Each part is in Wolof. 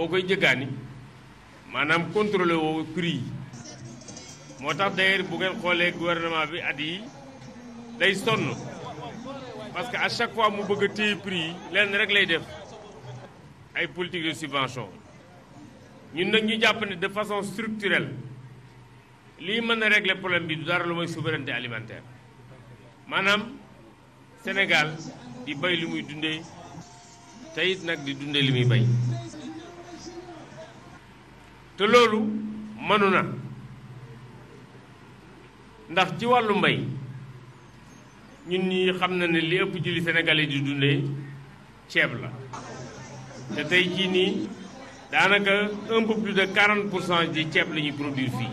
boo koy jëggaani maanaam contrôlé woo prix yi moo tax d'ailleurs bu ngeen xoolee gouvernement bi at yi day sonn parce que à chaque fois mu bëgg a téye prix yi lenn rek lay def ay politique de subvention ñun nag ñu jàpp ne de façon structurelle lii mën na régler problème bi du dara lu mooy souveraineté alimentaire maanaam Sénégal di bay li muy dundee te nag di dundee li muy bay te loolu mënu na ndax ci wàllu mbay ñun ñi xam na ne li ëpp ci li Sénégalais di dundee ceeb la te tey jii nii daanaka un peu de 40 pour cent di ceeb la ñuy produire fii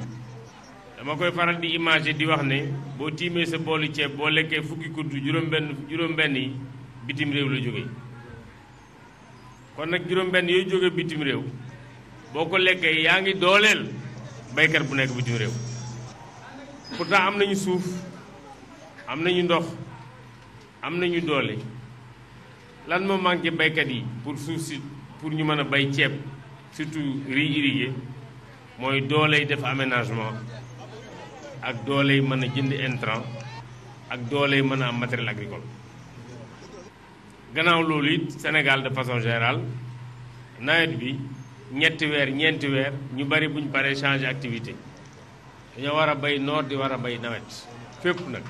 dama koy faral di imagé di wax ne boo tiimee sa boolu ceeb boo lekkee fukki kuddu juróom-benn juróom-benn yi bitim réew la jógee kon nag juróom-benn yooyu jógee bitim réew. boo ko lekkee yaa ngi dooleel baykat bu nekk bitim réew pour pourtant am nañu suuf am nañu ndox am nañu doole lan moo manqué baykat yi pour suuf si pour ñu mën a bay ceeb surtout riz irrigué mooy dooley def aménagement ak dooley mën a jënd intrant ak dooley mën a am matériel agricole gannaaw loolu it Sénégal de façon générale nawet bi ñetti weer ñeenti weer ñu bari buñ paree changé activité dañoo war a bay noor di war a bay nawet fépp nag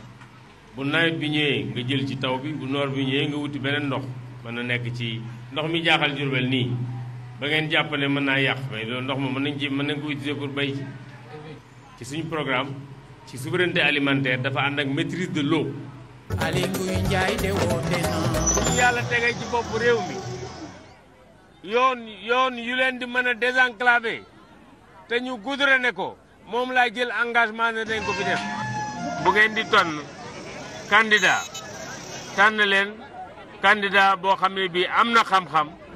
bu nawet bi ñëwee nga jël ci taw bi bu noor bi ñëwee nga wuti beneen ndox man na nekk ci ndox mi jaaxal Jurbel nii ba ngeen jàpp ne mën naa yàq mais loolu ndox ma mën nañ ci mën nañ ko utiliser pour bay ci suñu programme ci souveraineté alimentaire dafa ànd ak maîtrise de l'eau Aly Ngouille Ndiaye de woote na. bu yàlla tegee ci bopp réew mi. yoon yoon yu leen di mën a désenclaver te ñu ne ko moom laa jël engagement ne ko fi def. bu di tonn candidat tànn leen candidat boo xam ne bii am na xam-xam.